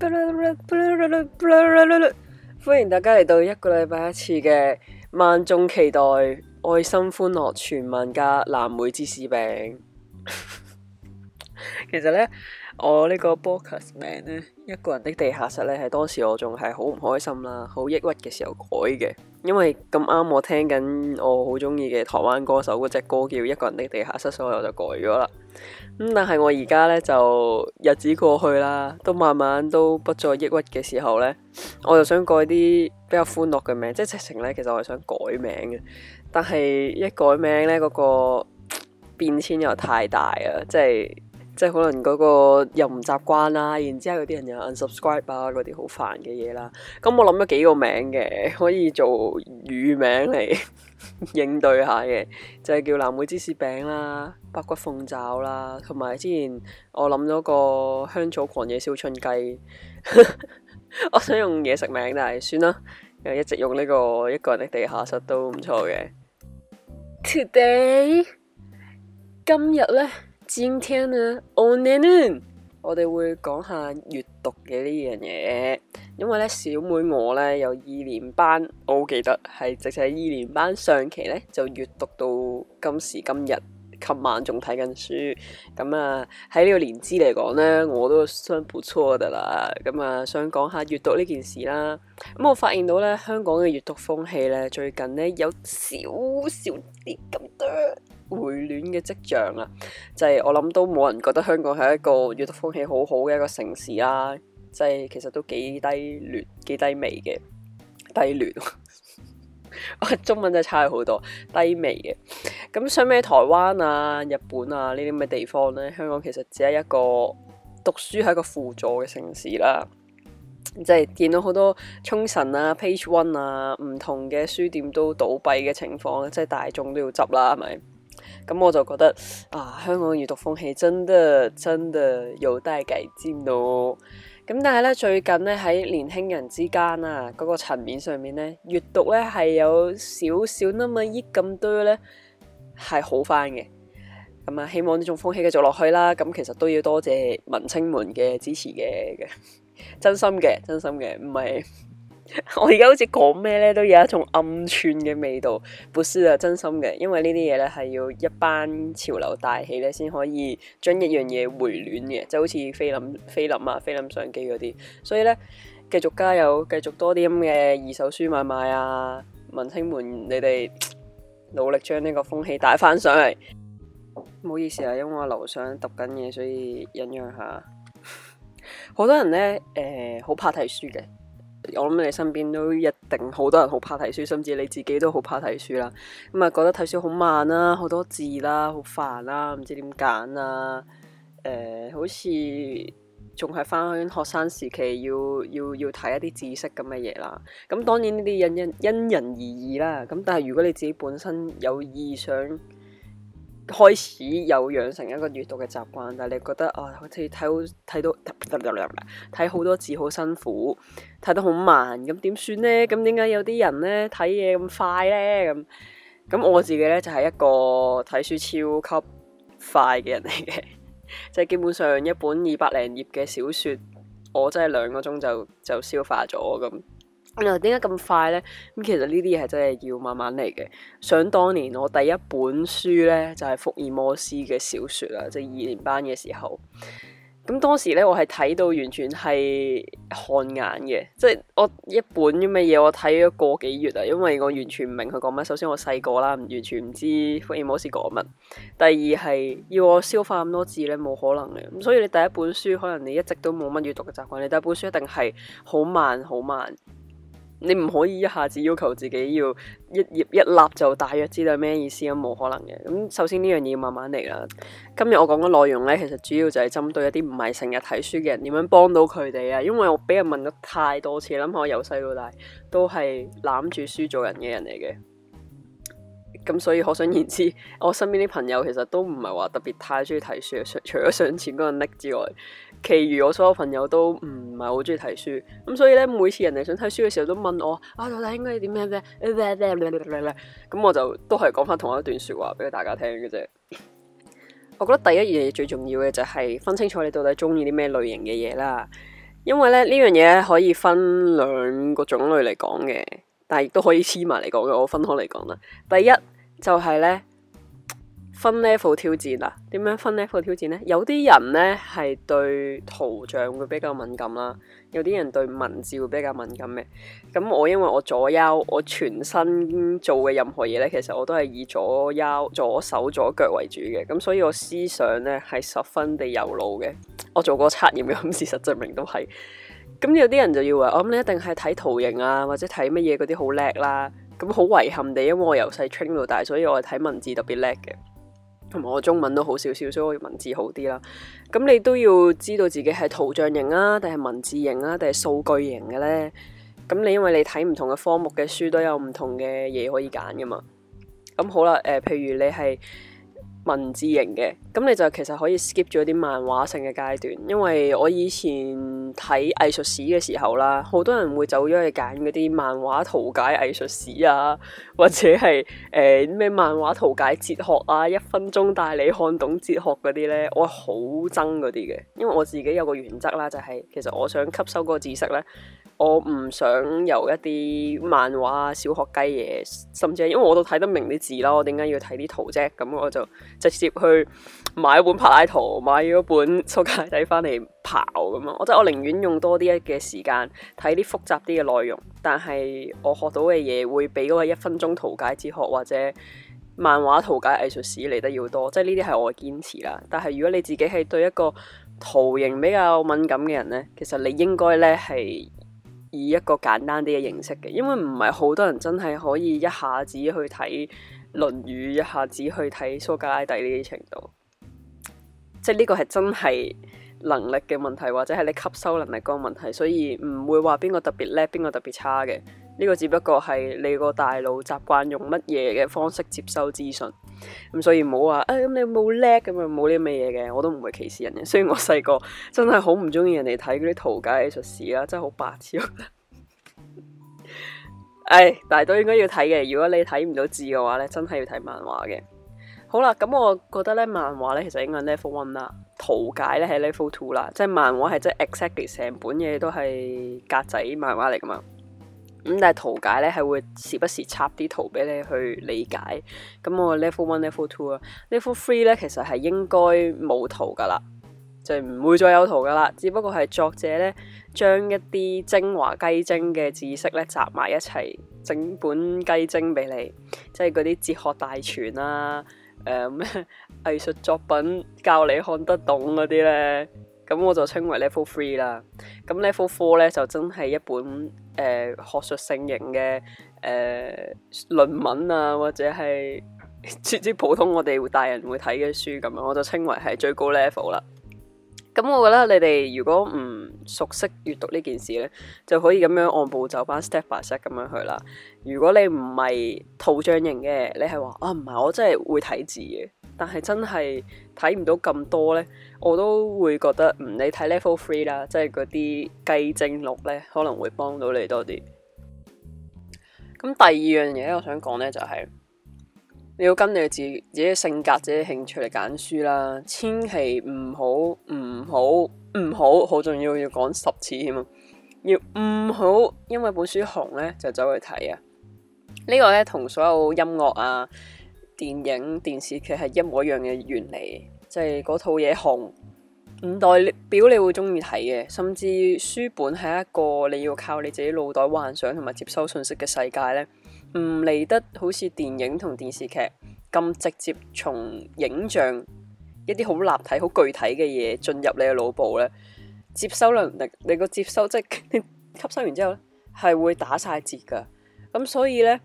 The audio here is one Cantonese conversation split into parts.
歡迎大家嚟到一個禮拜一次嘅萬眾期待愛心歡樂全萬家藍莓芝士餅。 其實呢，我呢個 podcast 名，呢，一個人的地下室呢，喺當時我仲係好唔開心啦，好抑鬱嘅時候改嘅，因為咁啱我聽緊我好中意嘅台灣歌手嗰隻歌叫《一個人的地下室》，所以我就改咗啦。咁、嗯、但係我而家咧就日子過去啦，都慢慢都不再抑鬱嘅時候咧，我就想改啲比較歡樂嘅名，即係直情咧，其實我係想改名嘅，但係一改名咧，嗰個變遷又太大啊，即係。即係可能嗰個又唔習慣啦，然之後嗰啲人又 unsubscribe 啊，嗰啲好煩嘅嘢啦。咁我諗咗幾個名嘅，可以做乳名嚟應對下嘅，就係叫藍莓芝士餅啦、白骨鳳爪啦，同埋之前我諗咗個香草狂野燒春雞。我想用嘢食名，但係算啦，又一直用呢個一個人的地下室都唔錯嘅。Today，今日呢。今天咧，On 我哋會講下閱讀嘅呢樣嘢，因為咧，小妹我咧，有二年班，我好記得係，直情係二年班上期咧，就閱讀到今時今日，琴晚仲睇緊書，咁、嗯、啊喺呢個年資嚟講咧，我都相當不錯噶啦咁、嗯、啊想講下閱讀呢件事啦，咁、嗯、我發現到咧，香港嘅閱讀風氣咧最近咧有少少啲咁多。回暖嘅跡象啊，就係、是、我諗都冇人覺得香港係一個閱讀風氣好好嘅一個城市啦。即、就、係、是、其實都幾低劣、幾低微嘅低劣。 中文真係差咗好多，低微嘅咁相比台灣啊、日本啊呢啲咁嘅地方呢，香港其實只係一個讀書係一個輔助嘅城市啦。即、就、係、是、見到好多沖繩啊、Page One 啊唔同嘅書店都倒閉嘅情況，即、就、係、是、大眾都要執啦，係咪？咁我就覺得啊，香港閱讀風氣真的真的有待改進尖到。咁但係咧，最近咧喺年輕人之間啊，嗰、那個層面上面咧，閱讀咧係有少少粒米益咁多咧，係好翻嘅。咁啊，希望呢種風氣繼續落去啦。咁其實都要多謝，謝文青們嘅支持嘅， 真心嘅，真心嘅，唔係。 我而家好似講咩咧，都有一種暗寸嘅味道。布斯啊，真心嘅，因為呢啲嘢咧係要一班潮流大氣咧，先可以將一樣嘢回暖嘅，就好似菲林、菲林啊、菲林相機嗰啲。所以咧，繼續加油，繼續多啲咁嘅二手書買賣啊！文青們，你哋努力將呢個風氣帶翻上嚟。唔好意思啊，因為我樓上讀緊嘢，所以忍讓下。好 多人咧，誒、呃，好怕睇書嘅。我諗你身邊都一定好多人好怕睇書，甚至你自己都好怕睇書啦。咁啊，覺得睇書好慢啦，好多字啦，好煩啦，唔知點揀啦。誒，好似仲係翻學生時期要要要睇一啲知識咁嘅嘢啦。咁當然呢啲因因因人而異啦。咁但係如果你自己本身有意想，開始有養成一個閱讀嘅習慣，但係你覺得啊，好似睇好睇到，睇好多字好辛苦，睇得好慢，咁點算呢？咁點解有啲人呢睇嘢咁快呢？咁咁我自己呢，就係一個睇書超級快嘅人嚟嘅，即 係基本上一本二百零頁嘅小說，我真係兩個鐘就就消化咗咁。原來點解咁快呢？咁其實呢啲嘢係真係要慢慢嚟嘅。想當年我第一本書呢，就係福爾摩斯嘅小説啦，即二年班嘅時候。咁當時呢，我係睇到完全係汗顏嘅，即係我一本咁嘅嘢我睇咗個幾月啊，因為我完全唔明佢講乜。首先我細個啦，完全唔知福爾摩斯講乜。第二係要我消化咁多字呢，冇可能嘅。咁所以你第一本書可能你一直都冇乜閲讀嘅習慣，你第一本書一定係好慢好慢。你唔可以一下子要求自己要一頁一立就大約知道咩意思啊，冇可能嘅。咁首先呢樣嘢要慢慢嚟啦。今日我講嘅內容呢，其實主要就係針對一啲唔係成日睇書嘅人，點樣幫到佢哋啊？因為我俾人問咗太多次諗，下我由細到大都係攬住書做人嘅人嚟嘅。咁所以可想而知，我身邊啲朋友其實都唔係話特別太中意睇書，除咗上次嗰個 Nick 之外。其餘我所有朋友都唔係好中意睇書，咁所以咧，每次人哋想睇書嘅時候都問我啊，到底應該要點咩咩？咁我就都係講翻同一段說話俾大家聽嘅啫。 我覺得第一樣嘢，最重要嘅就係分清楚你到底中意啲咩類型嘅嘢啦，因為咧，呢樣嘢可以分兩個種類嚟講嘅，但係亦都可以黐埋嚟講嘅，我分開嚟講啦。第一就係、是、咧。分 level 挑戰啊？點樣分 level 挑戰咧？有啲人咧係對圖像會比較敏感啦，有啲人對文字會比較敏感嘅。咁我因為我左腰，我全身做嘅任何嘢咧，其實我都係以左腰、左手、左腳為主嘅。咁所以我思想咧係十分地右腦嘅。我做過測驗嘅，咁事實證明都係。咁有啲人就要話，我諗你一定係睇圖形啊，或者睇乜嘢嗰啲好叻啦。咁好遺憾地，因為我由細 train 到大，所以我係睇文字特別叻嘅。同埋我中文都好少少，所以我文字好啲啦。咁你都要知道自己係圖像型啊，定係文字型啊，定係數據型嘅咧。咁你因為你睇唔同嘅科目嘅書都有唔同嘅嘢可以揀噶嘛。咁好啦，誒、呃，譬如你係。文字型嘅，咁你就其實可以 skip 咗啲漫畫性嘅階段，因為我以前睇藝術史嘅時候啦，好多人會走咗去揀嗰啲漫畫圖解藝術史啊，或者係誒咩漫畫圖解哲學啊，一分鐘帶你看懂哲學嗰啲呢，我好憎嗰啲嘅，因為我自己有個原則啦，就係，就係其實我想吸收嗰個知識呢。我唔想由一啲漫畫、小學雞嘢，甚至係，因為我都睇得明啲字啦，我點解要睇啲圖啫？咁我就直接去買一本柏拉圖，買咗本蘇格拉底翻嚟刨咁啊！我即係我寧願用多啲嘅時間睇啲複雜啲嘅內容，但係我學到嘅嘢會比嗰個一分鐘圖解哲學或者漫畫圖解藝術史嚟得要多。即係呢啲係我嘅堅持啦。但係如果你自己係對一個圖形比較敏感嘅人呢，其實你應該呢係。以一個簡單啲嘅認識嘅，因為唔係好多人真係可以一下子去睇《論語》，一下子去睇蘇格拉底呢啲程度。即係呢個係真係能力嘅問題，或者係你吸收能力嗰個問題，所以唔會話邊個特別叻，邊個特別差嘅。呢個只不過係你個大腦習慣用乜嘢嘅方式接收資訊。咁所以唔好話誒咁你冇叻咁啊冇啲咩嘢嘅，我都唔會歧視人嘅。雖然我細個真係好唔中意人哋睇嗰啲圖解藝術史啦，真係好白痴。誒、 哎，但係都應該要睇嘅。如果你睇唔到字嘅話咧，真係要睇漫畫嘅。好啦，咁我覺得咧漫畫咧其實應該 level one 啦，圖解咧係 level two 啦，即係漫畫係即係 exactly 成本嘢都係格仔漫畫嚟噶嘛。咁但係圖解咧係會時不時插啲圖俾你去理解。咁我 level one、level two 啊，level three 咧其實係應該冇圖噶啦，就係唔會再有圖噶啦。只不過係作者咧將一啲精華雞精嘅知識咧集埋一齊，整本雞精俾你，即係嗰啲哲學大全啊，誒、嗯、咩 藝術作品教你看得懂嗰啲咧。咁我就稱為 level three 啦。咁 level four 咧就真係一本。誒、呃、學術性型嘅誒、呃、論文啊，或者係，即即普通我哋大人會睇嘅書咁樣，我就稱為係最高 level 啦。咁我覺得你哋如果唔熟悉閱讀呢件事咧，就可以咁樣按步就班 step by step 咁樣去啦。如果你唔係圖像型嘅，你係話啊唔係我真係會睇字嘅，但係真係睇唔到咁多咧，我都會覺得唔你睇 level three 啦，即係嗰啲雞精錄咧，可能會幫到你多啲。咁第二樣嘢我想講咧就係、是。你要跟你自己嘅性格、自己嘅興趣嚟揀書啦，千祈唔好唔好唔好好重要要講十次添啊！要唔好因為本書紅咧就走去睇啊！這個、呢個咧同所有音樂啊、電影、電視劇係一模一樣嘅原理，即係嗰套嘢紅唔代表你會中意睇嘅，甚至書本係一個你要靠你自己腦袋幻想同埋接收信息嘅世界咧。唔嚟得好似電影同電視劇咁直接從影像一啲好立體、好具體嘅嘢進入你嘅腦部咧，接收能力你個接收即係 吸收完之後咧係會打晒折噶咁所以咧，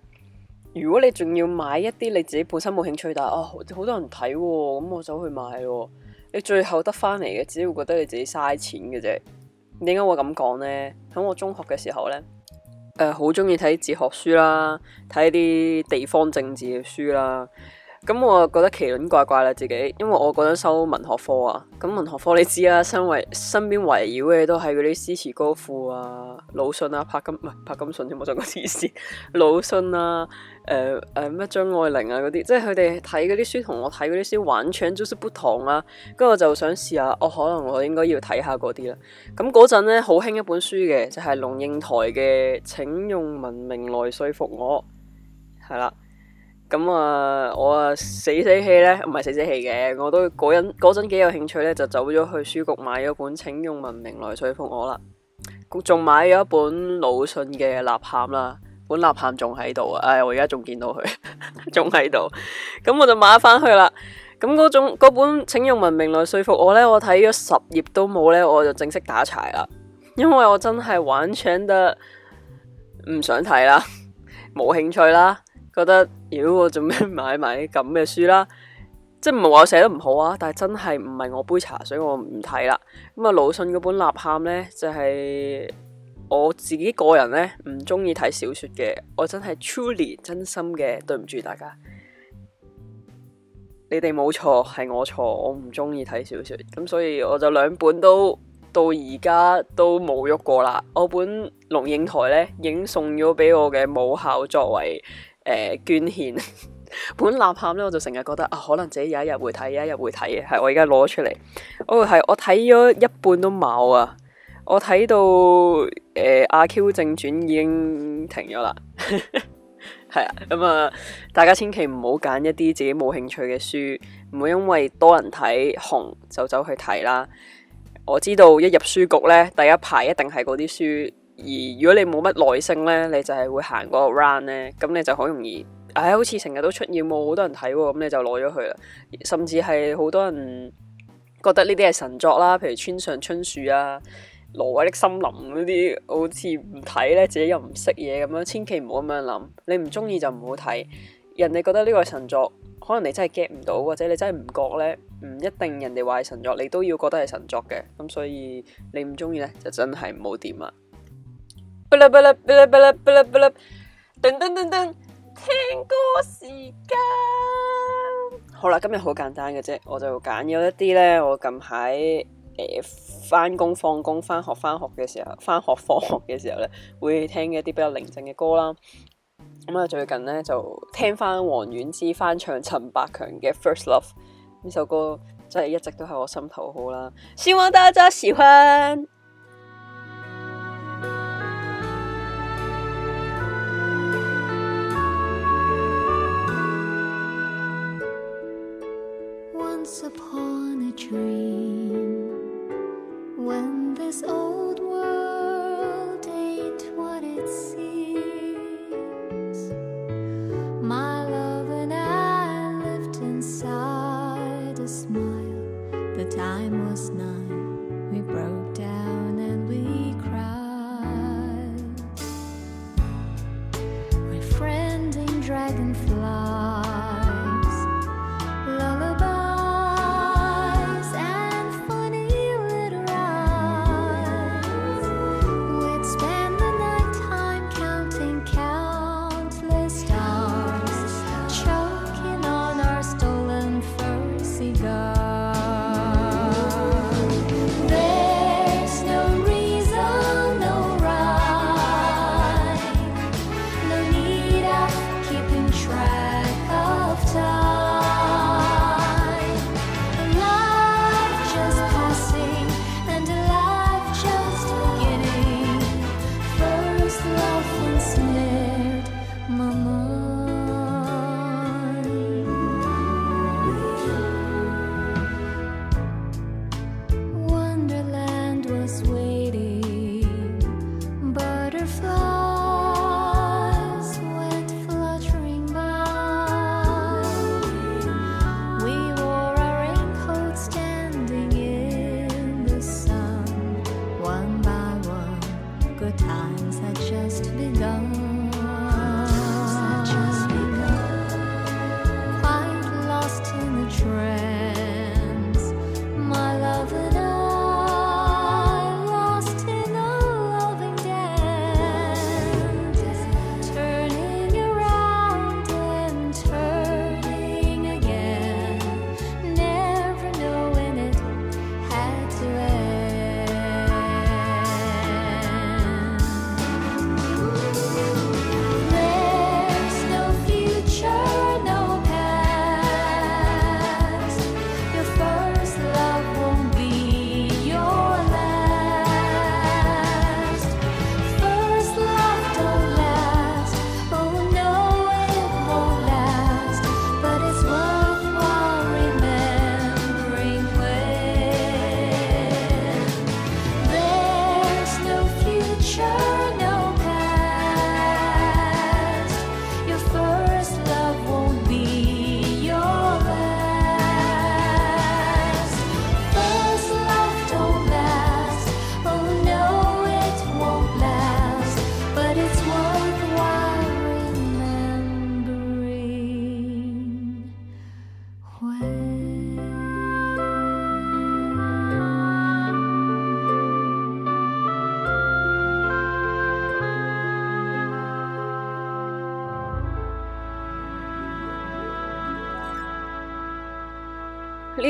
如果你仲要買一啲你自己本身冇興趣但係哦，好多人睇咁、啊、我走去買、啊，你最後得翻嚟嘅只會覺得你自己嘥錢嘅啫。點解會咁講咧？喺我中學嘅時候咧，誒好中意睇哲學書啦，睇一啲地方政治嘅書啦。咁、嗯、我覺得奇輪怪怪啦自己，因為我嗰陣收文學科啊，咁文學科你知啦、啊，身為身邊圍繞嘅都係嗰啲詩詞歌賦啊，魯迅啊，柏金唔係柏金遜添，我仲講錯字先，魯 迅啊，誒誒咩張愛玲啊嗰啲，即係佢哋睇嗰啲書同我睇嗰啲書完全都是不同啦，跟住我就想試下，哦可能我應該要睇下嗰啲啦，咁嗰陣咧好興一本書嘅就係、是、龍應台嘅，請用文明來說服我，係啦。咁啊、嗯，我啊死死氣呢，唔係死死氣嘅，我都嗰陣嗰陣幾有興趣呢，就走咗去書局買咗本《請用文明來說服我》啦，仲買咗一本魯迅嘅《吶喊》啦，本《吶喊》仲喺度啊，誒，我而家仲見到佢，仲喺度，咁、嗯、我就買翻去啦。咁嗰種嗰本《請用文明來說服我》呢，我睇咗十頁都冇呢，我就正式打柴啦，因為我真係完全得唔想睇啦，冇興趣啦。覺得如果、呃、我做咩買埋啲咁嘅書啦？即係唔係話我寫得唔好啊？但係真係唔係我杯茶，所以我唔睇啦。咁啊，魯迅嗰本《吶喊》呢，就係、是、我自己個人呢唔中意睇小說嘅。我真係 truly 真心嘅對唔住大家，你哋冇錯，係我錯，我唔中意睇小說。咁所以我就兩本都到而家都冇喐過啦。我本《龍應台》呢，影送咗俾我嘅母校作為。呃、捐獻 本吶喊咧，我就成日覺得啊，可能自己有一日會睇，有一日會睇嘅。係我而家攞出嚟，哦係，我睇咗一半都冇啊！我睇到阿、呃、Q 正傳已經停咗啦。係 啊，咁、嗯、啊、呃，大家千祈唔好揀一啲自己冇興趣嘅書，唔好因為多人睇紅就走去睇啦。我知道一入書局呢，第一排一定係嗰啲書。而如果你冇乜耐性呢，你就係會行嗰個 run 呢。咁你就好容易，唉、哎，好似成日都出現喎，好多人睇喎，咁你就攞咗佢啦。甚至係好多人覺得呢啲係神作啦，譬如《村上春樹》啊，《挪威的森林》嗰啲，好似唔睇呢，自己又唔識嘢咁樣，千祈唔好咁樣諗。你唔中意就唔好睇。人哋覺得呢個係神作，可能你真係 get 唔到，或者你真係唔覺呢，唔一定人哋話係神作，你都要覺得係神作嘅。咁所以你唔中意呢，就真係唔好掂啦。不啦不啦不啦不啦不啦不啦，噔噔噔噔，聽歌時間。好啦，今日好簡單嘅啫，我就揀咗一啲咧，我近排誒翻工、放、呃、工、翻學、翻學嘅時候、翻學放學嘅時候咧，會聽嘅一啲比較寧靜嘅歌啦。咁、嗯、啊，最近咧就聽翻王菀之翻唱陳百強嘅 First Love，呢首歌真係一直都係我心頭好啦。希望大家喜歡。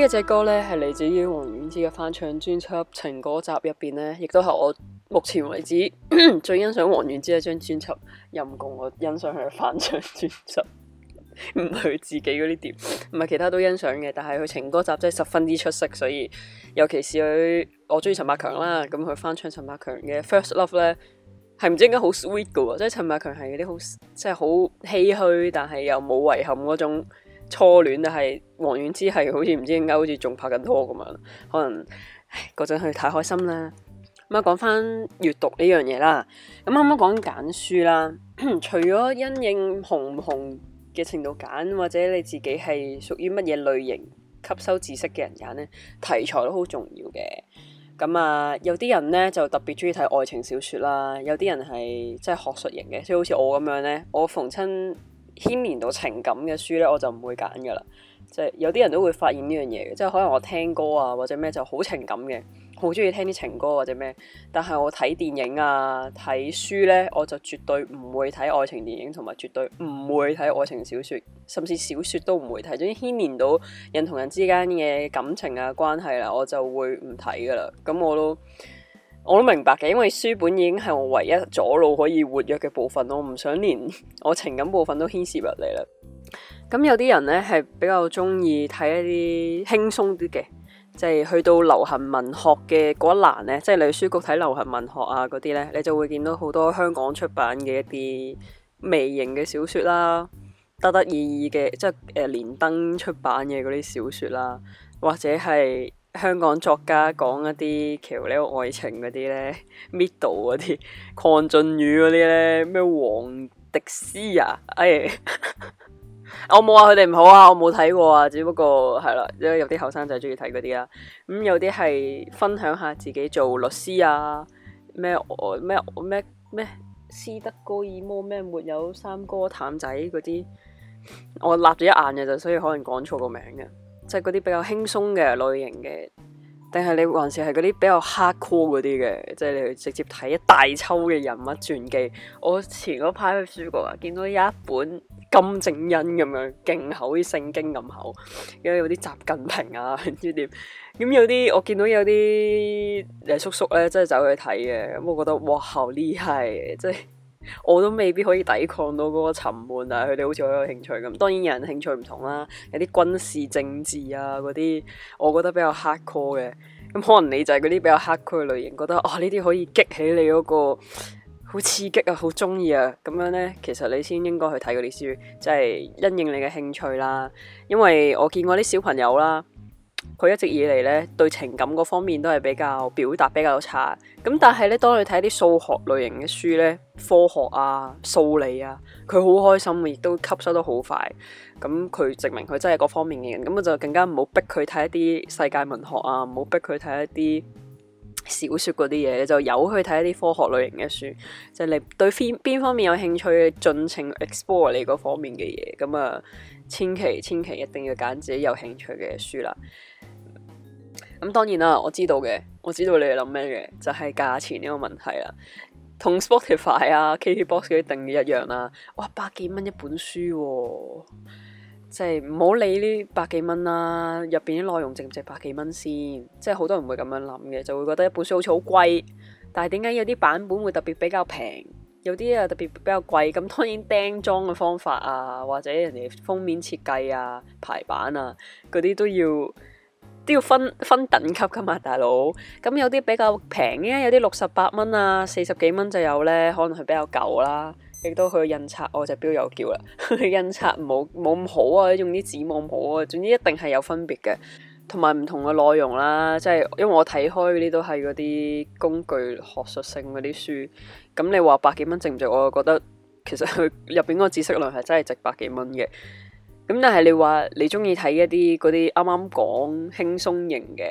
隻歌咧，係嚟自於王菀之嘅翻唱專輯《情歌集》入邊咧，亦都係我目前為止 最欣賞王菀之一張專輯，任共我欣賞佢嘅翻唱專輯，唔係佢自己嗰啲碟，唔係其他都欣賞嘅，但係佢情歌集真係十分之出色，所以尤其是佢我中意陳百強啦，咁佢翻唱陳百強嘅《First Love》咧，係唔知點解，好 sweet 噶喎，即係陳百強係嗰啲好即係好唏噓，但係又冇遺憾嗰種。初戀咧係王菀之係好似唔知點解好似仲拍緊拖咁樣，可能嗰陣去太開心啦。咁啊講翻閱讀呢樣嘢啦，咁啱啱講緊揀書啦， 除咗因應紅唔紅嘅程度揀，或者你自己係屬於乜嘢類型吸收知識嘅人揀呢，題材都好重要嘅。咁啊有啲人呢就特別中意睇愛情小說啦，有啲人係即係學術型嘅，所以好似我咁樣呢，我逢親。牽連到情感嘅書呢，我就唔會揀噶啦。即係有啲人都會發現呢樣嘢，即係可能我聽歌啊或者咩就好情感嘅，好中意聽啲情歌或者咩。但係我睇電影啊睇書呢，我就絕對唔會睇愛情電影，同埋絕對唔會睇愛情小説，甚至小説都唔會睇。總之牽連到人同人之間嘅感情啊關係啦，我就會唔睇噶啦。咁我都。我都明白嘅，因為書本已經係我唯一左腦可以活躍嘅部分，我唔想連我情感部分都牽涉入嚟啦。咁有啲人呢係比較中意睇一啲輕鬆啲嘅，即係去到流行文學嘅嗰一欄呢，即係你去書局睇流行文學啊嗰啲呢，你就會見到好多香港出版嘅一啲微型嘅小説啦，得得意意嘅，即係誒連登出版嘅嗰啲小説啦，或者係。香港作家講一啲橋呢，愛情嗰啲呢 Middle 嗰啲，鄺俊宇嗰啲呢，咩黃迪斯啊，哎， 我冇話佢哋唔好啊，我冇睇過啊，只不過係啦，因為有啲後生仔中意睇嗰啲啦，咁、嗯、有啲係分享下自己做律師啊，咩咩咩咩斯德哥爾摩咩沒有三哥淡仔嗰啲，我立咗一眼嘅就，所以可能講錯個名嘅。即係嗰啲比較輕鬆嘅類型嘅，定係你還是係嗰啲比較 hardcore 嗰啲嘅，即係你直接睇一大抽嘅人物傳記。我前嗰排去書局啊，見到有一本金正恩咁樣勁厚，啲聖經咁厚，跟住有啲習近平啊，唔知點咁有啲我見到有啲誒叔叔咧，真係走去睇嘅，咁我覺得哇，好厲害即係。就是我都未必可以抵抗到嗰個沉悶，啊，但係佢哋好似好有興趣咁。當然有人興趣唔同啦，有啲軍事政治啊嗰啲，我覺得比較 hard core 嘅。咁可能你就係嗰啲比較 hard core 類型，覺得哦，呢啲可以激起你嗰個好刺激啊，好中意啊咁樣呢，其實你先應該去睇嗰啲書，即係因應你嘅興趣啦。因為我見過啲小朋友啦。佢一直以嚟咧對情感嗰方面都係比較表達比較差，咁但係咧當你睇啲數學類型嘅書咧，科學啊、數理啊，佢好開心，亦都吸收得好快。咁佢證明佢真係各方面嘅人，咁我就更加唔好逼佢睇一啲世界文學啊，唔好逼佢睇一啲小說嗰啲嘢，你就由佢睇一啲科學類型嘅書，即係你對邊方面有興趣，盡情 explore 你嗰方面嘅嘢，咁啊。千祈千祈一定要揀自己有興趣嘅書啦。咁當然啦，我知道嘅，我知道你哋諗咩嘅，就係價錢呢個問題啦。同 Spotify 啊、K T Box 嗰啲定義一樣啦。哇，百幾蚊一本書啊，即係唔好理呢百幾蚊啦，入邊啲內容值唔值百幾蚊先？即係好多人會咁樣諗嘅，就會覺得一本書好似好貴。但係點解有啲版本會特別比較平？有啲啊，特別比較貴，咁當然釘裝嘅方法啊，或者人哋封面設計啊、排版啊嗰啲都要都要分分等級㗎嘛，大佬。咁有啲比較平嘅、啊，有啲六十八蚊啊，四十幾蚊就有咧，可能係比較舊啦。亦都佢嘅印刷，哦、我就標有叫啦， 印刷冇冇咁好啊，用啲紙冇咁好啊，總之一定係有分別嘅。同埋唔同嘅內容啦，即係因為我睇開嗰啲都係嗰啲工具學術性嗰啲書，咁你話百幾蚊值唔值？我又覺得其實佢入邊嗰個知識量係真係值百幾蚊嘅。咁但係你話你中意睇一啲嗰啲啱啱講輕鬆型嘅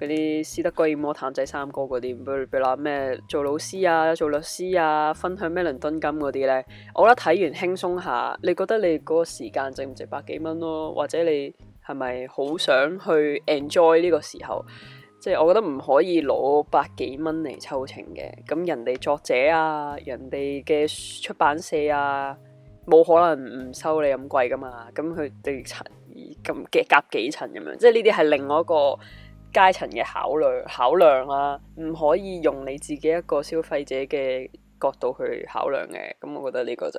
嗰啲《斯德哥爾摩譚仔三哥》嗰啲，比如比如話咩做老師啊、做律師啊、分享咩倫敦金嗰啲呢？我覺得睇完輕鬆下，你覺得你嗰個時間值唔值百幾蚊咯？或者你？係咪好想去 enjoy 呢個時候？即、就、係、是、我覺得唔可以攞百幾蚊嚟抽成嘅。咁人哋作者啊，人哋嘅出版社啊，冇可能唔收你咁貴噶嘛。咁佢哋層咁夾幾層咁樣，即係呢啲係另外一個階層嘅考慮考量啦、啊。唔可以用你自己一個消費者嘅角度去考量嘅。咁我覺得呢個就。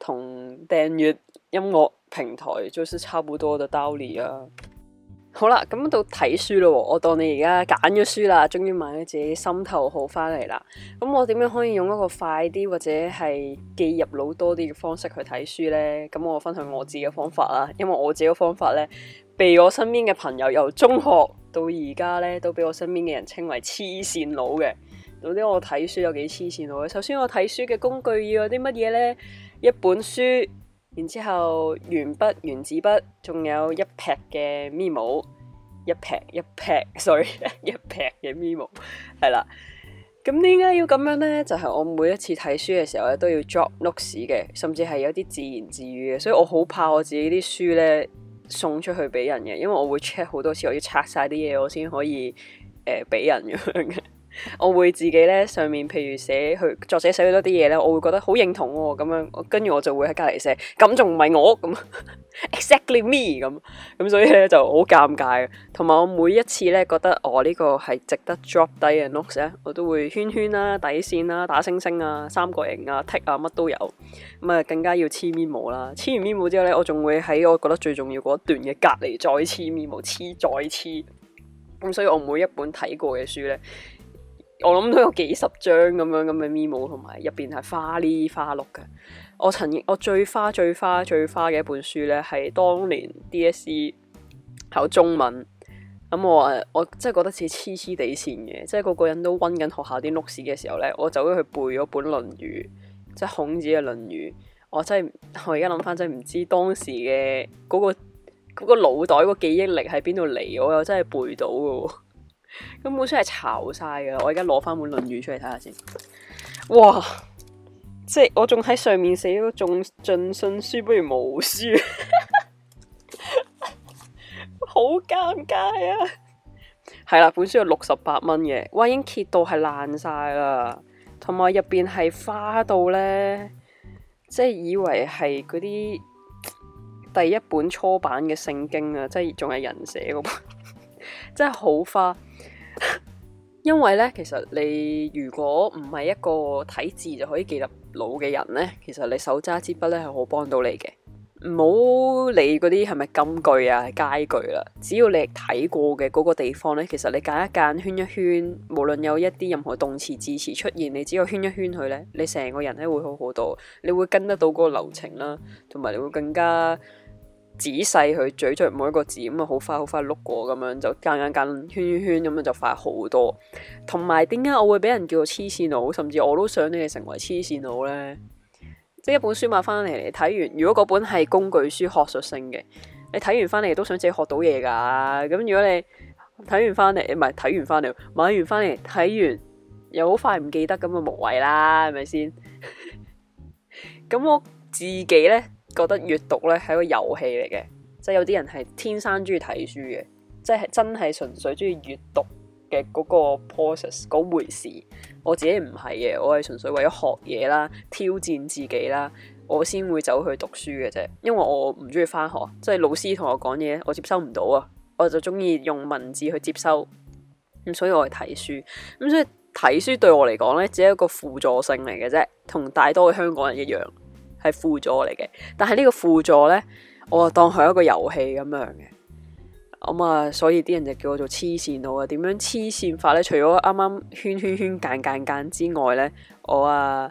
同訂閱音樂平台就是差不多的道理啊。好啦，咁、嗯、到睇書咯。我當你而家揀咗書啦，終於買咗自己心頭好翻嚟啦。咁、嗯、我點樣可以用一個快啲或者係記入腦多啲嘅方式去睇書呢？咁、嗯、我分享我自己嘅方法啦。因為我自己嘅方法呢，被我身邊嘅朋友由中學到而家呢，都俾我身邊嘅人稱為黐線佬嘅。到底我睇書有幾黐線佬？首先我睇書嘅工具要有啲乜嘢呢？一本書，然之後鉛筆、原子筆，仲有一撇嘅 memo，一撇 一撇，sorry，一撇嘅 memo。m o 係啦。咁點解要咁樣呢？就係、是、我每一次睇書嘅時候咧，都要 drop notes 嘅，甚至係有啲自言自語嘅，所以我好怕我自己啲書呢，送出去俾人嘅，因為我會 check 好多次，我要拆晒啲嘢，我先可以誒俾、呃、人嘅。我會自己咧上面，譬如寫去作者寫咗啲嘢咧，我會覺得好認同咁、哦、樣，跟住我就會喺隔籬寫，咁仲唔係我咁 ？Exactly me 咁咁，所以咧就好尷尬。同埋我每一次咧覺得我呢個係值得 drop 低嘅 notes 咧，我都會圈圈啦、啊、底線啦、啊、打星星啊、三角形啊、tick 啊，乜都有。咁啊，更加要黐面膜啦，黐完面膜之後咧，我仲會喺我覺得最重要嗰段嘅隔籬再黐面膜，黐再黐。咁所以我每一本睇過嘅書咧。我諗都有幾十張咁樣咁嘅 memo，同埋入邊係花呢花綠嘅。我曾我最花最花最花嘅一本書咧，係當年 DSE 考中文。咁、嗯、我我真係覺得似黐黐地綫嘅，即係個個人都溫緊學校啲碌屎嘅時候咧，我就去背咗本《論語》，即係孔子嘅《論語》。我真係我而家諗翻真係唔知當時嘅嗰個嗰個腦袋個記憶力喺邊度嚟，我又真係背到嘅。咁本書係巢晒噶，我而家攞翻本《論語》出嚟睇下先。哇！即係我仲喺上面寫咗種盡信書，不如無書， 好尷尬啊！係啦，本書有六十八蚊嘅，哇已經揭到係爛晒啦，同埋入邊係花到咧，即係以為係嗰啲第一本初版嘅聖經啊，即係仲係人寫嘅，真係好花。 因為咧，其實你如果唔係一個睇字就可以記入腦嘅人咧，其實你手揸支筆咧係好幫到你嘅。唔好理嗰啲係咪金句啊、佳句啦，只要你係睇過嘅嗰個地方咧，其實你揀一揀、圈一圈，無論有一啲任何動詞、字詞出現，你只要圈一圈佢咧，你成個人咧會好好多，你會跟得到嗰個流程啦，同埋你會更加。仔細去咀嚼每一個字，咁啊好快好快碌過咁樣，就間間間圈圈圈咁樣就快好多。同埋點解我會俾人叫做黐線佬，甚至我都想你哋成為黐線佬呢？即係一本書買翻嚟你睇完，如果嗰本係工具書、學術性嘅，你睇完翻嚟都想自己學到嘢㗎。咁如果你睇完翻嚟，唔係睇完翻嚟買完翻嚟睇完，又好快唔記得咁啊無謂啦，係咪先？咁 我自己呢。覺得閱讀咧係個遊戲嚟嘅，即係有啲人係天生中意睇書嘅，即係真係純粹中意閱讀嘅嗰個 process 嗰回事。我自己唔係嘅，我係純粹為咗學嘢啦、挑戰自己啦，我先會走去讀書嘅啫。因為我唔中意翻學，即係老師同我講嘢，我接收唔到啊，我就中意用文字去接收。咁所以我係睇書，咁所以睇書對我嚟講咧，只係一個輔助性嚟嘅啫，同大多嘅香港人一樣。係輔助嚟嘅，但係呢個輔助呢，我啊當佢一個遊戲咁樣嘅，咁、嗯、啊，所以啲人就叫我做黐線佬啊。點樣黐線法呢？除咗啱啱圈圈圈、間間間之外呢，我啊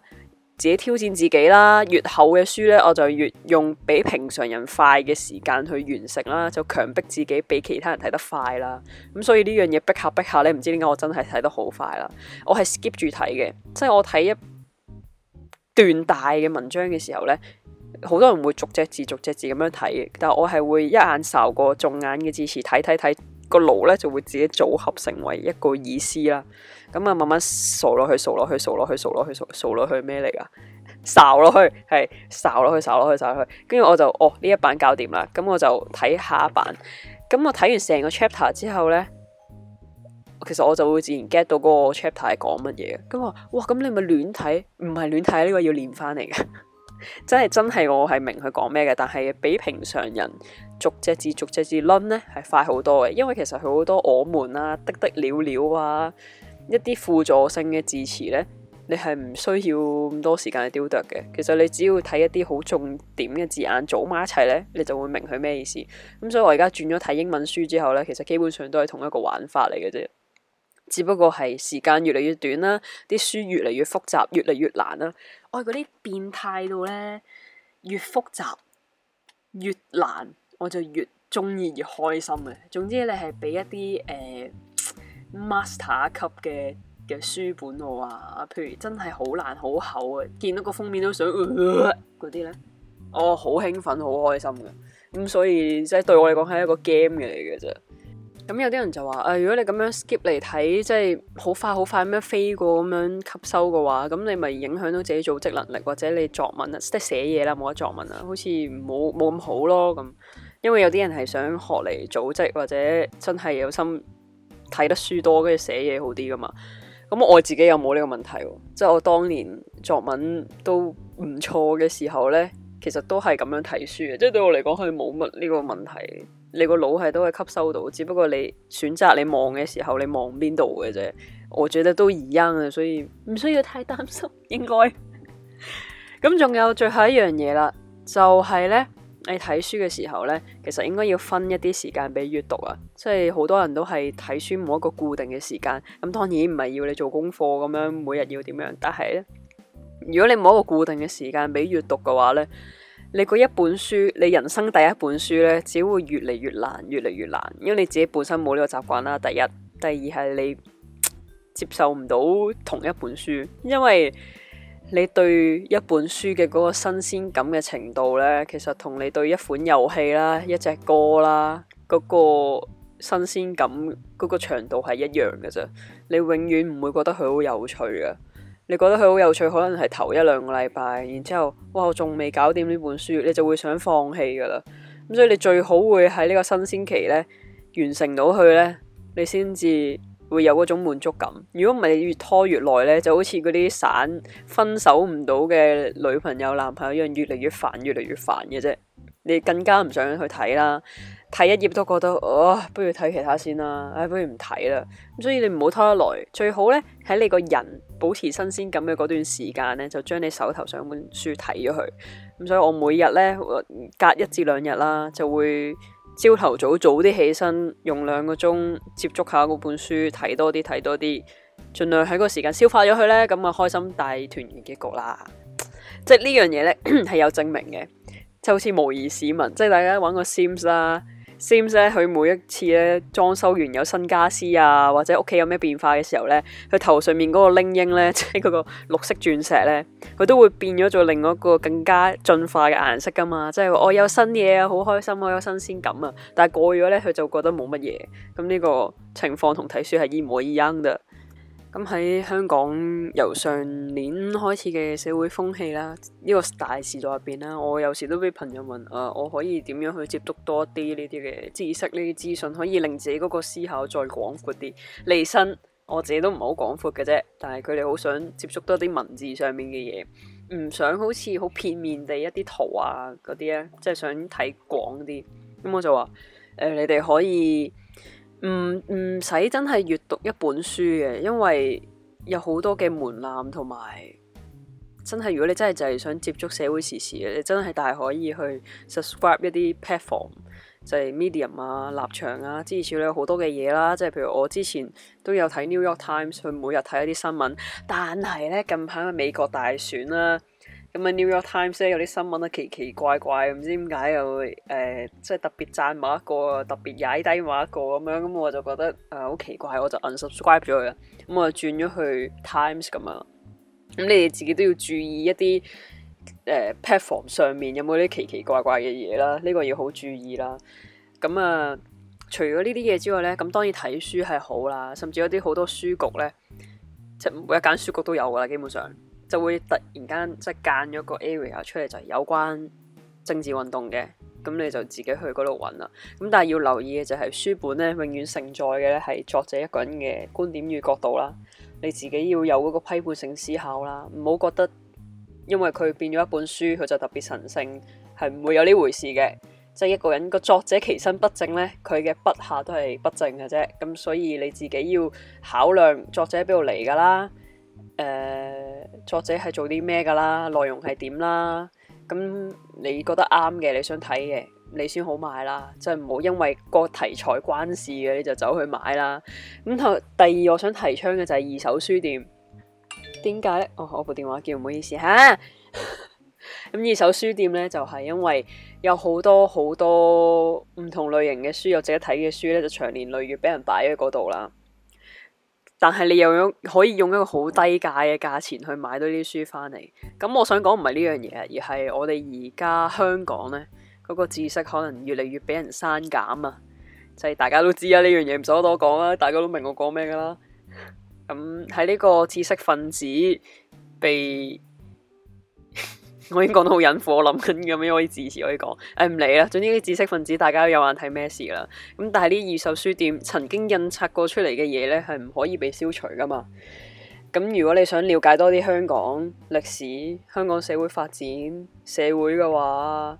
自己挑戰自己啦。越厚嘅書呢，我就越用比平常人快嘅時間去完成啦，就強迫自己比其他人睇得快啦。咁、嗯、所以迫著迫著迫著呢樣嘢，逼下逼下呢，唔知點解我真係睇得好快啦。我係 skip 住睇嘅，即係我睇一。段大嘅文章嘅時候呢，好多人會逐隻字逐隻字咁樣睇嘅，但係我係會一眼掃過，重眼嘅字詞睇睇睇，個腦呢，就會自己組合成為一個意思啦。咁、嗯、啊慢慢掃落去，掃落去，掃落去，掃落去，掃掃落去咩嚟㗎？掃落去係掃落去，掃落去，掃落去。跟住我就哦呢一版搞掂啦，咁、嗯、我就睇下一版。咁、嗯、我睇完成個 chapter 之後呢。其實我就會自然 get 到嗰個 chapter 係講乜嘢。咁話哇，咁你咪亂睇，唔係亂睇呢個要練翻嚟嘅。真係真係我係明佢講咩嘅，但係比平常人逐隻字逐隻字攆咧係快好多嘅。因為其實佢好多我們啊、的的了了啊、一啲輔助性嘅字詞咧，你係唔需要咁多時間去雕琢嘅。其實你只要睇一啲好重點嘅字眼組埋一齊咧，你就會明佢咩意思。咁所以我而家轉咗睇英文書之後咧，其實基本上都係同一個玩法嚟嘅啫。只不過係時間越嚟越短啦，啲書越嚟越複雜，越嚟越難啦。我係嗰啲變態到咧，越複雜越難，我就越中意越開心嘅。總之你係俾一啲誒、呃、master 級嘅嘅書本我啊，譬如真係好難好厚啊，見到個封面都想嗰啲咧，我、呃、好、哦、興奮好開心嘅。咁所以即係對我嚟講係一個 game 嘅嚟嘅啫。咁、嗯、有啲人就話誒、啊，如果你咁樣 skip 嚟睇，即係好快好快咁樣飛過咁樣吸收嘅話，咁你咪影響到自己組織能力，或者你作文啊，即係寫嘢啦，冇得作文啦，好似冇冇咁好咯，咁。因為有啲人係想學嚟組織，或者真係有心睇得書多，跟住寫嘢好啲噶嘛。咁我自己又冇呢個問題。即係我當年作文都唔錯嘅時候咧，其實都係咁樣睇書嘅，即係對我嚟講佢冇乜呢個問題。你個腦係都係吸收到，只不過你選擇你望嘅時候，你望邊度嘅啫。我覺得都易啱啊，所以唔需要太擔心。應該咁，仲 有最後一樣嘢啦，就係呢：你睇書嘅時候呢，其實應該要分一啲時間俾閱讀啊。即係好多人都係睇書冇一個固定嘅時間。咁當然唔係要你做功課咁樣每日要點樣，但係呢，如果你冇一個固定嘅時間俾閱讀嘅話呢。你嗰一本書，你人生第一本書咧，只會越嚟越難，越嚟越難，因為你自己本身冇呢個習慣啦。第一，第二係你接受唔到同一本書，因為你對一本書嘅嗰個新鮮感嘅程度咧，其實同你對一款遊戲啦、一隻歌啦嗰個新鮮感嗰個長度係一樣嘅啫。你永遠唔會覺得佢好有趣嘅。你覺得佢好有趣，可能係頭一兩個禮拜，然之後，哇，我仲未搞掂呢本書，你就會想放棄噶啦。咁所以你最好會喺呢個新鮮期呢，完成到佢，呢你先至會有嗰種滿足感。如果唔係，你越拖越耐呢就好似嗰啲散分手唔到嘅女朋友、男朋友一樣，越嚟越煩，越嚟越煩嘅啫。你更加唔想去睇啦，睇一頁都覺得，哦，不如睇其他先啦，唉、哎，不如唔睇啦。咁所以你唔好拖得耐，最好呢，喺你個人。保持新鮮感嘅嗰段時間呢，就將你手頭上本書睇咗佢咁。所以我每日呢，隔一至兩日啦，就會朝頭早早啲起身，用兩個鐘接觸下嗰本書，睇多啲睇多啲，盡量喺個時間消化咗佢呢。咁啊，開心大團圓結局啦。即係呢樣嘢呢，係 有證明嘅，即好似模擬市民，即係大家玩個 Sims 啦。Sims 咧，佢每一次咧裝修完有新傢俬啊，或者屋企有咩變化嘅時候咧，佢頭上面嗰個鈴鷹咧，即係嗰個綠色鑽石咧，佢都會變咗做另一個更加進化嘅顏色噶嘛，即係我有新嘢啊，好開心，我有新鮮感啊，但係過咗咧，佢就覺得冇乜嘢，咁呢個情況同睇書係一模一樣嘅。咁喺香港由上年開始嘅社會風氣啦，呢個大時代入邊啦，我有時都俾朋友問，誒、啊、我可以點樣去接觸多啲呢啲嘅知識、呢啲資訊，可以令自己嗰個思考再廣闊啲。離身，我自己都唔係好廣闊嘅啫，但係佢哋好想接觸多啲文字上面嘅嘢，唔想好似好片面地一啲圖啊嗰啲咧，即係想睇廣啲。咁我就話誒、呃，你哋可以。唔唔使真係閱讀一本書嘅，因為有好多嘅門檻同埋，真係如果你真係就係想接觸社會時事嘅，你真係大可以去 subscribe 一啲 platform，就係 medium 啊、立場啊、至少你有好多嘅嘢啦，即係譬如我之前都有睇 New York Times 去每日睇一啲新聞，但係呢，近排嘅美國大選啦、啊。咁啊、嗯《New York Times》咧有啲新聞都奇奇怪怪，唔知點解又會誒、呃，即係特別讚某一個，特別踩低某一個咁樣，咁、嗯、我就覺得誒好、呃、奇怪，我就 unsubscribe 咗佢啦。咁、嗯、我就轉咗去《Times、嗯》咁啊。咁你哋自己都要注意一啲誒 platform 上面有冇啲奇奇怪怪嘅嘢啦，呢、這個要好注意啦。咁、嗯、啊、嗯，除咗呢啲嘢之外咧，咁當然睇書係好啦，甚至有啲好多書局咧，即每一間書局都有㗎啦，基本上。就會突然間即係間咗個 area 出嚟,就係有關政治運動嘅,咁你就自己去嗰度揾啦。咁但係要留意嘅就係書本咧，永遠承載嘅咧係作者一個人嘅觀點與角度啦。你自己要有嗰個批判性思考啦，唔好覺得因為佢變咗一本書，佢就特別神聖，係唔會有呢回事嘅。即係一個人個作者其身不正呢，佢嘅筆下都係不正嘅啫。咁所以你自己要考量作者喺邊度嚟噶啦，誒、呃。作者係做啲咩噶啦？內容係點啦？咁你覺得啱嘅，你想睇嘅，你先好買啦。真係唔好因為個題材關事嘅，你就走去買啦。咁第二，我想提倡嘅就係二手書店。點解咧？哦，我我部電話叫唔好意思吓。咁 二手書店咧就係、是，因為有好多好多唔同類型嘅書，有值得睇嘅書咧，就長年累月俾人擺喺嗰度啦。但係你又用可以用一個好低價嘅價錢去買到呢啲書翻嚟，咁我想講唔係呢樣嘢，而係我哋而家香港呢，嗰個知識可能越嚟越俾人刪減啊！就係大家都知啊，呢樣嘢唔使多講啦，大家都明我講咩噶啦。咁喺呢個知識分子被。我已經講到好隱晦，我諗緊咁樣可以支持可以講，誒唔理啦。總之啲知識分子大家都有眼睇咩事啦。咁但係呢二手書店曾經印刷過出嚟嘅嘢呢，係唔可以被消除噶嘛。咁如果你想了解多啲香港歷史、香港社會發展社會嘅話，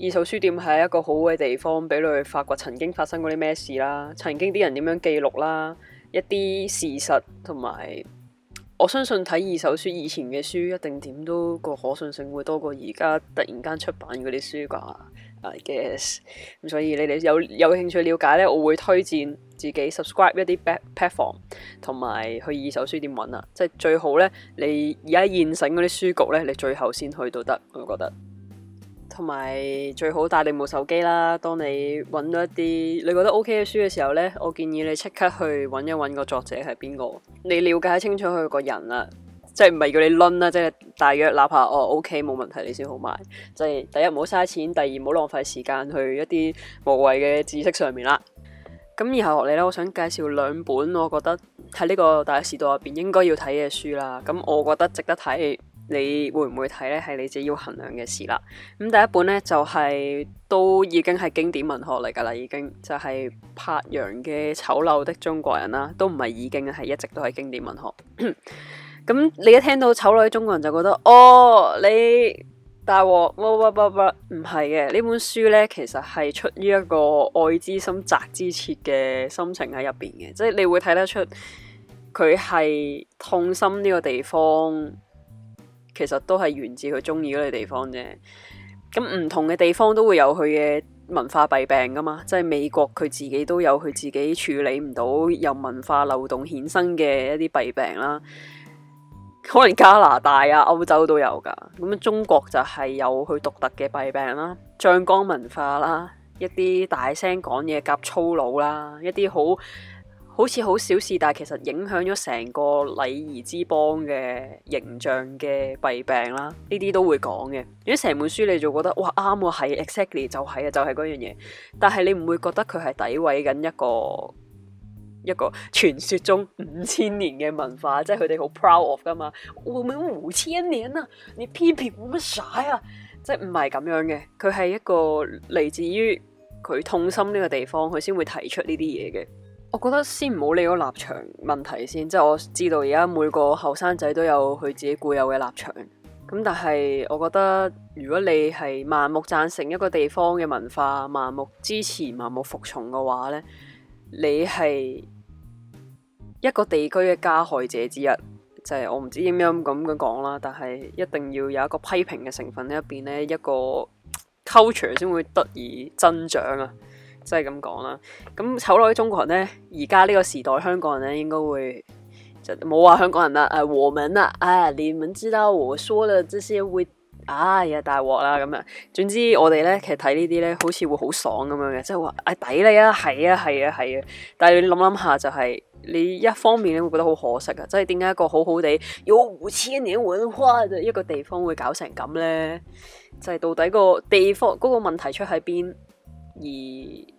二手書店係一個好嘅地方，俾你去發掘曾經發生過啲咩事啦，曾經啲人點樣記錄啦，一啲事實同埋。我相信睇二手書，以前嘅書一定點都個可信性會多過而家突然間出版嗰啲書吧。I guess，咁所以你哋有有興趣了解咧，我會推薦自己 subscribe 一啲 bad platform，同埋去二手書店揾啦。即係最好咧，你而家現成嗰啲書局咧，你最後先去都得，我覺得。同埋最好帶你部手機啦，當你揾到一啲你覺得 OK 嘅書嘅時候呢，我建議你即刻去揾一揾個作者係邊個，你了解清楚佢個人啦，即係唔係叫你掄啦，即係大約哪怕哦 OK 冇問題，你先好買。即係第一唔好嘥錢，第二唔好浪費時間去一啲無謂嘅知識上面啦。咁然後落嚟呢，我想介紹兩本我覺得喺呢個大時代入邊應該要睇嘅書啦。咁我覺得值得睇。你會唔會睇呢？係你自己要衡量嘅事啦。咁第一本呢，就係、是、都已經係經典文學嚟噶啦，已經就係、是、柏楊嘅《醜陋的中國人》啦，都唔係已經係一直都係經典文學。咁 你一聽到醜陋的中國人就覺得哦，你大鑊！唔係嘅，呢本書呢，其實係出於一個愛之深、責之切嘅心情喺入邊嘅，即、就、係、是、你會睇得出佢係痛心呢個地方。其實都係源自佢中意嗰個地方啫，咁唔同嘅地方都會有佢嘅文化弊病噶嘛，即係，美國佢自己都有佢自己處理唔到，由文化漏洞衍生嘅一啲弊病啦，可能加拿大啊、歐洲都有噶，咁中國就係有佢獨特嘅弊病啦，醬缸文化啦，一啲大聲講嘢夾粗魯啦，一啲好。好似好小事，但係其實影響咗成個禮儀之邦嘅形象嘅弊病啦，呢啲都會講嘅。如果成本書你就覺得哇啱啊，係 exactly 就係啊，就係、就係、嗰樣嘢。但係你唔會覺得佢係詆毀緊一個一個傳說中五千年嘅文化，即係佢哋好 proud of 噶嘛？我哋五千年啊，你偏偏我乜嘢啊？即係唔係咁樣嘅，佢係一個嚟自於佢痛心呢個地方，佢先會提出呢啲嘢嘅。我覺得先唔好理嗰個立場問題先，即係我知道而家每個後生仔都有佢自己固有嘅立場。咁但係我覺得如果你係盲目贊成一個地方嘅文化，盲目支持，盲目服從嘅話呢，你係一個地區嘅加害者之一。就係、是、我唔知點樣咁樣講啦，但係一定要有一個批評嘅成分喺入面，呢一個 culture 先會得以增長啊！即係咁講啦，咁炒落啲中國人呢，而家呢個時代香港人呢應該會就冇話香港人啦，誒和民啦，啊連民、啊啊、知道和疏啦，即係會哎呀大鑊啦咁啊，咁樣。總之我哋呢，其實睇呢啲呢，好似會好爽咁樣嘅，即係話誒抵你啊，係啊係啊係啊，啊。但係你諗諗下就係、是、你一方面你會覺得好可惜啊，即係點解一個好好地有五千年文化嘅一個地方會搞成咁呢？就係、是、到底個地方嗰、那個問題出喺邊而？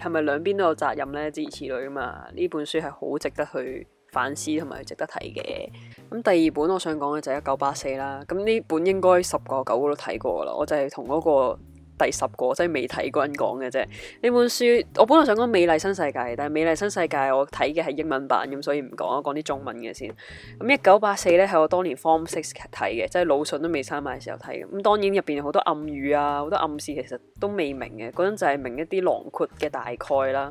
係咪兩邊都有責任咧？之如此類啊嘛，呢本書係好值得去反思同埋值得睇嘅。咁第二本我想講嘅就係一九八四啦。咁呢本應該十個九個都睇過噶啦，我就係同嗰個。第十個即係未睇過人講嘅啫。呢本書我本來想講《美麗新世界》，但係《美麗新世界》我睇嘅係英文版，咁所以唔講啊，講啲中文嘅先。咁一九八四呢，係我當年 Form Six 睇嘅，即係魯迅都未生埋嘅時候睇嘅。咁當然入邊好多暗語啊，好多暗示其實都未明嘅。嗰陣就係明一啲囊括嘅大概啦。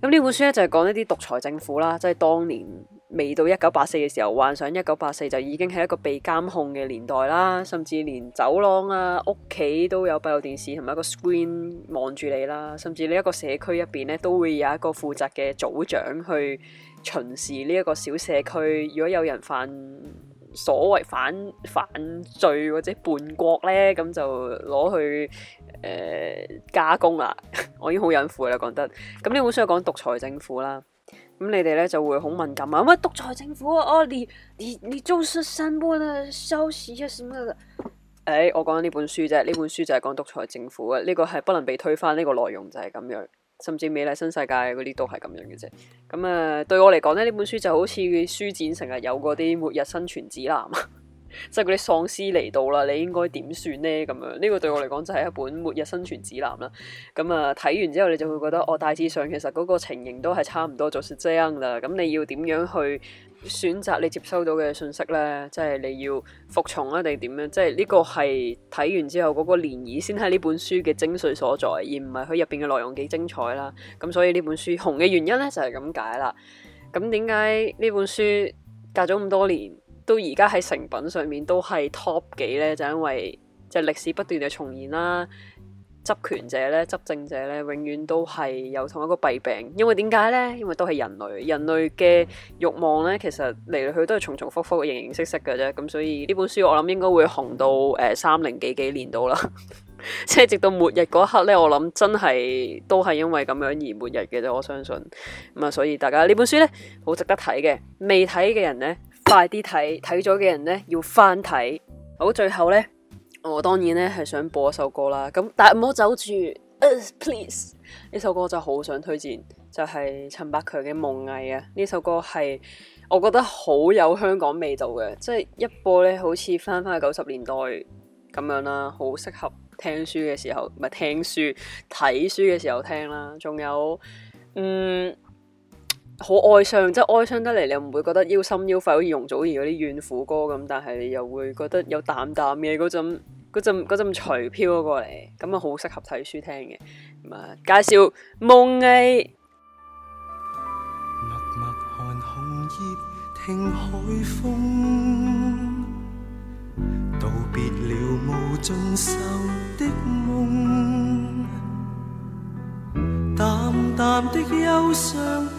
咁呢本書呢，就係講一啲獨裁政府啦，即係當年。未到一九八四嘅時候，幻想一九八四就已經係一個被監控嘅年代啦，甚至連走廊啊、屋企都有閉路電視同埋一個 screen 望住你啦，甚至呢一個社區入邊咧都會有一個負責嘅組長去巡視呢一個小社區，如果有人犯所謂反犯罪或者叛國咧，咁就攞去誒、呃、加工啦。 我已經好隱晦啦，覺得咁，你好想講獨裁政府啦。咁你哋咧就會好敏感啊，乜獨裁政府，哦，你你你遭受新聞嘅羞恥啊，什麼嘅？誒，我講緊呢本書啫，呢本書就係講獨裁政府啊，呢個係不能被推翻，呢，這個內容就係咁樣，甚至美麗新世界嗰啲都係咁樣嘅啫。咁，嗯、啊，對我嚟講咧，呢本書就好似書展成日有嗰啲末日生存指南。 即係嗰啲喪屍嚟到啦，你應該點算呢？咁樣呢個對我嚟講就係一本末日生存指南啦。咁啊，睇完之後你就會覺得哦，大致上其實嗰個情形都係差唔多，就是咁啦。咁你要點樣去選擇你接收到嘅信息呢？即係你要服從啊，定點樣？即係呢個係睇完之後嗰個漣漪，先係呢本書嘅精髓所在，而唔係佢入邊嘅內容幾精彩啦。咁所以呢本書紅嘅原因呢，就係咁解啦。咁點解呢本書隔咗咁多年？到而家喺成品上面都係 top 幾咧，就是，因為就歷史不斷嘅重現啦。執權者咧，執政者咧，永遠都係有同一個弊病。因為點解咧？因為都係人類，人類嘅慾望咧，其實嚟嚟去都係重重複複，形形色色嘅啫。咁所以呢本書我諗應該會紅到誒，呃、三零幾幾年到啦。即 係直到末日嗰一刻咧，我諗真係都係因為咁樣而末日嘅啫。我相信咁啊，所以大家呢本書咧，好值得睇嘅。未睇嘅人咧，快啲睇，睇咗嘅人呢要翻睇。好，最後呢，我當然呢係想播一首歌啦。咁但係唔好走住，uh，please 呢首歌我就好想推薦，就係陳百強嘅《夢呓》啊。呢首歌係我覺得好有香港味道嘅，即係一播呢好似翻翻去九十年代咁樣啦，好適合聽書嘅時候，唔係聽書睇書嘅時候聽啦。仲有，嗯。好哀傷，即係哀傷得嚟，你又唔會覺得腰心腰肺，好似容祖兒嗰啲怨婦歌咁，但係你又會覺得有淡淡嘅嗰陣嗰陣嗰陣隨飄過嚟，咁啊好適合睇書聽嘅，咁啊介紹夢囈。默默寒紅紅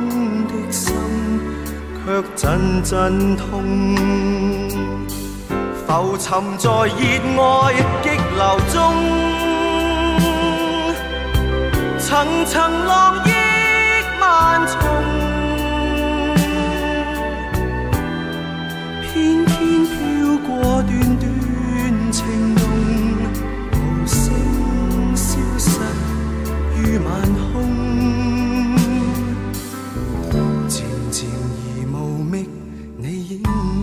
若陣陣痛，浮沉在熱愛激流中，層層浪億萬重。